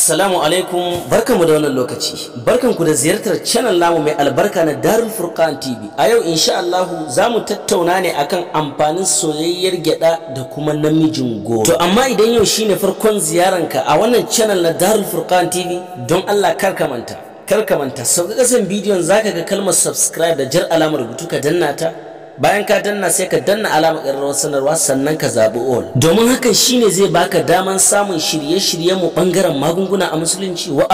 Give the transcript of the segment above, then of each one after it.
Assalamu alaikum barkanmu da wannan lokaci barkanku da ziyartar channel namu mai albarka na Darul Furqan TV a yau insha Allah za mu tattauna ne akan amfanin soyayyar gyada da kuma namijin goro to amma idan yau shine farkon ka a wannan channel na Darul Furqan TV don Allah kar ka manta kar ka manta sauka kasan bidiyon zaka ga kalmar subscribe da jar alamar rubutu ka danna ta bayan ka danna sai ka danna alamar ƙararrawar sanarwa sannan ka zaɓi all domin hakan shine zai baka daman samun shirye-shiryen mu ɓangaren magunguna a musulunci wa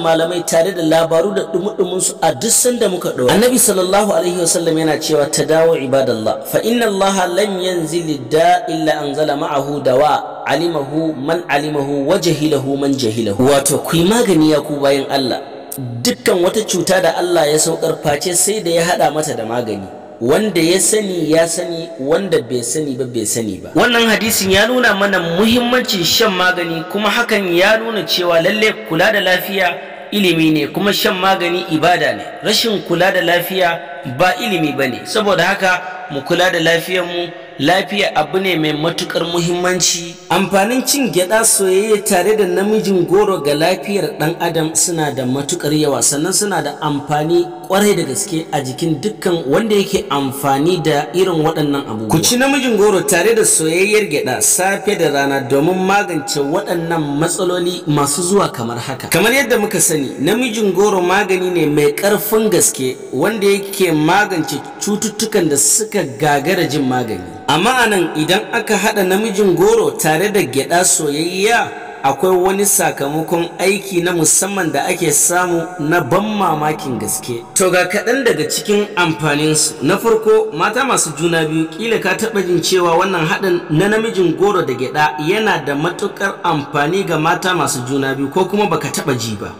malamai tare da labaru da dumudumin su a duk sanda muka ɗora annabi sallallahu alaihi wasallam yana cewa ta dawo ibadallah fa inna allaha lam yanzil da illa anzala ma'ahu dawa alimahu man alimahu wa jahilahu man jahilahu wato ku magani ya ku bayan Allah dukkan wata cuta da Allah ya saukar face sai da ya hada mata da magani wanda ya sani ya sani wanda bai sani ba bai sani ba wannan hadisin ya nuna mana muhimmancin shan magani kuma hakan ya nuna cewa lalle kula da lafiya ilimi ne kuma shan magani ibada ne rashin kula da lafiya ba ilimi ba ne saboda haka mu kula da lafiyarmu mu lafiya abu ne mai matukar muhimmanci amfanin cin gyada soyayya tare da namijin goro ga lafiyar dan adam suna da matukar yawa sannan suna da amfani kwarai da gaske a jikin dukkan wanda yake amfani da irin waɗannan abubuwa ku ci namijin goro tare da soyayyar gyada safe da rana domin magance waɗannan matsaloli masu zuwa kamar haka kamar yadda muka sani namijin goro magani ne mai ƙarfin gaske wanda yake magance cututtukan da suka gagara jin magani amma anan idan aka haɗa namijin goro tare da gyaɗa soyayya akwai wani sakamakon aiki na musamman da ake samu na ban mamakin gaske to ga kaɗan daga cikin amfaninsu na farko mata masu juna biyu ƙila ka taɓa jin cewa wannan haɗin na namijin goro da gyaɗa yana da matuƙar amfani ga mata masu juna biyu ko kuma baka taɓa ji ba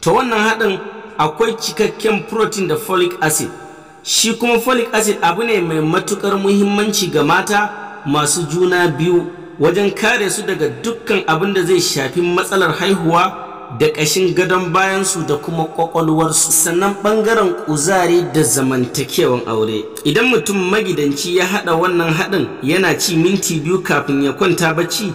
to wannan haɗin akwai cikakken protein da folic acid shi kuma folic acid abu ne mai matukar muhimmanci ga mata masu juna biyu wajen kare su daga dukkan abin da zai shafi matsalar haihuwa da ƙashin gadon bayansu da kuma ƙwaƙwalwarsu sannan ɓangaren kuzari da zamantakewan aure idan mutum magidanci ya haɗa wannan haɗin yana ci minti biyu kafin ya kwanta bacci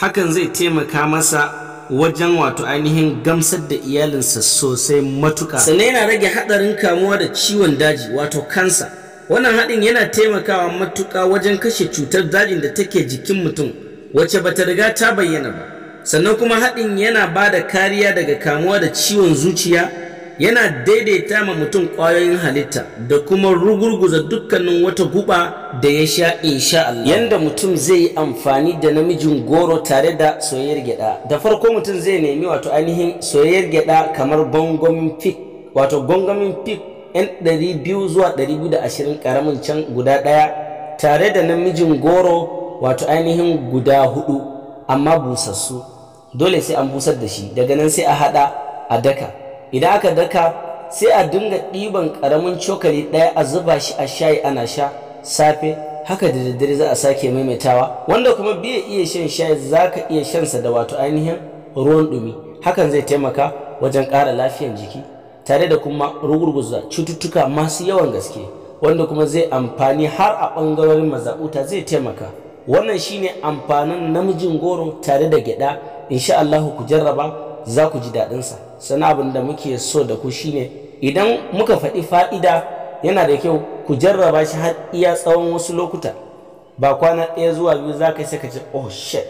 hakan zai taimaka masa wajen wato ainihin gamsar da iyalinsa sosai matuka sannan yana rage hadarin kamuwa da ciwon daji wato kansa wannan haɗin yana taimakawa matuka wajen kashe cutar dajin da take jikin mutum wacce bata riga ta bayyana ba sannan kuma haɗin yana ba da kariya daga kamuwa da ciwon zuciya yana daidaita ma mutum ƙwayoyin halitta da kuma rugurguza dukkanin wata guba da ya sha insha Allah yanda mutum zai yi amfani da namijin goro tare da soyayyar gyada da farko mutum zai nemi wato ainihin soyayyar gyada kamar gongomin fik wato gongomin fik yan ɗari biyu zuwa ɗari biyu da ashirin ƙaramin can guda ɗaya tare da namijin goro wato ainihin guda hudu amma busassu dole sai an busar da shi daga nan sai a haɗa a daka idan aka daka sai a dinga ɗiban ƙaramin cokali ɗaya a zuba shi a shayi ana sha safe haka da daddare za a sake maimaitawa wanda kuma bai iya shan shayi za ka iya shansa da wato ainihin ruwan ɗumi hakan zai taimaka wajen ƙara lafiyar jiki tare da kuma rugurguza cututtuka masu yawan gaske wanda kuma zai amfani har a ɓangarorin mazaɓuta zai taimaka wannan shine amfanin namijin goro tare da gyaɗa insha Allah ku jarraba za ku ji daɗinsa sana abin da muke so da ku shine idan muka faɗi fa'ida yana da kyau ku jarraba shi har iya tsawon wasu lokuta ba kwana ɗaya zuwa biyu za ka sai ka ce oh shit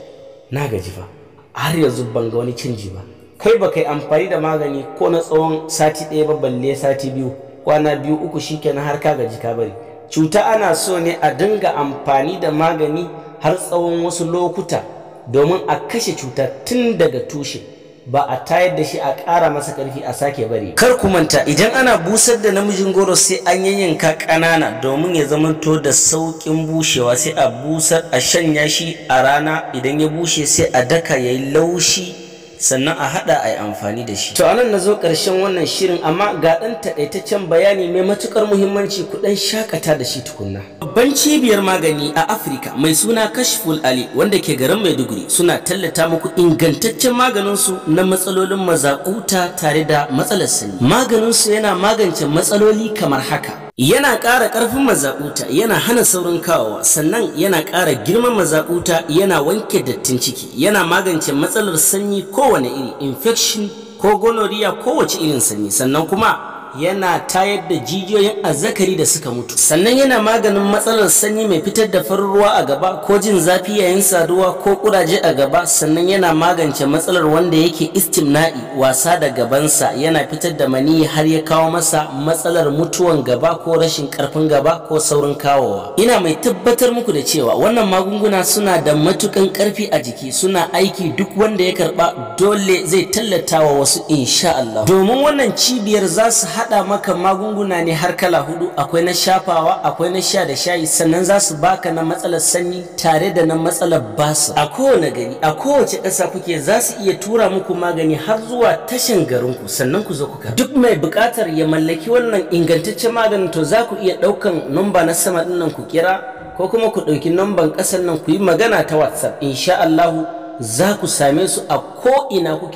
na gaji ba har yanzu ban ga wani canji ba kai ba kai amfani da magani ko na tsawon sati ɗaya ba balle sati biyu kwana biyu uku shikenan har ka gaji ka bari cuta ana so ne a dinga amfani da magani har tsawon wasu lokuta domin a kashe cuta tun daga tushe ba a tayar da shi a ƙara masa ƙarfi a sake bari kar ku manta idan ana busar da namijin goro sai an yayyanka ƙanana domin ya zamanto da sauƙin bushewa sai a busar a shanya shi a rana idan ya bushe sai a daka yayi laushi sannan a haɗa a yi amfani da shi to anan na zo ƙarshen wannan shirin amma ga ɗan taƙaitaccen bayani mai matuƙar muhimmanci ku ɗan shakata da shi tukunna babban cibiyar magani a afirka mai suna kashful ali wanda ke garin maiduguri suna tallata muku ingantaccen maganinsu na matsalolin mazakuta tare da matsalar sani maganinsu yana magance matsaloli kamar haka yana ƙara ƙarfin mazaƙuta yana hana saurin kawowa sannan yana ƙara girman mazaƙuta yana wanke dattin ciki yana magance matsalar sanyi kowane iri infection ko gonoriya kowace irin sanyi sannan kuma yana tayar da jijiyoyin azzakari da suka mutu sannan yana maganin matsalar sanyi mai fitar da farin ruwa a gaba ko jin zafi yayin saduwa ko kuraje a gaba sannan yana magance matsalar wanda yake istimna'i wasa da gabansa yana fitar da maniyi har ya kawo masa matsalar mutuwan gaba ko rashin karfin gaba ko saurin kawowa ina mai tabbatar muku da cewa wannan magunguna suna da matukan karfi a jiki suna aiki duk wanda ya karba dole zai tallata wa wasu insha Allah domin wannan cibiyar za su haɗa maka magunguna ne har kala hudu akwai na shafawa akwai na sha da shayi sannan za su baka na matsalar sanyi tare da na matsalar basa a kowane gari a kowace ƙasa kuke za su iya tura muku magani har zuwa tashin garinku sannan ku zo ku duk mai buƙatar ya mallaki wannan ingantaccen maganin to za ku iya ɗaukan numba na sama ɗin nan ku kira ko kuma ku ɗauki numban ƙasar nan ku yi magana ta whatsapp insha Allah za ku same su a ko ina kuke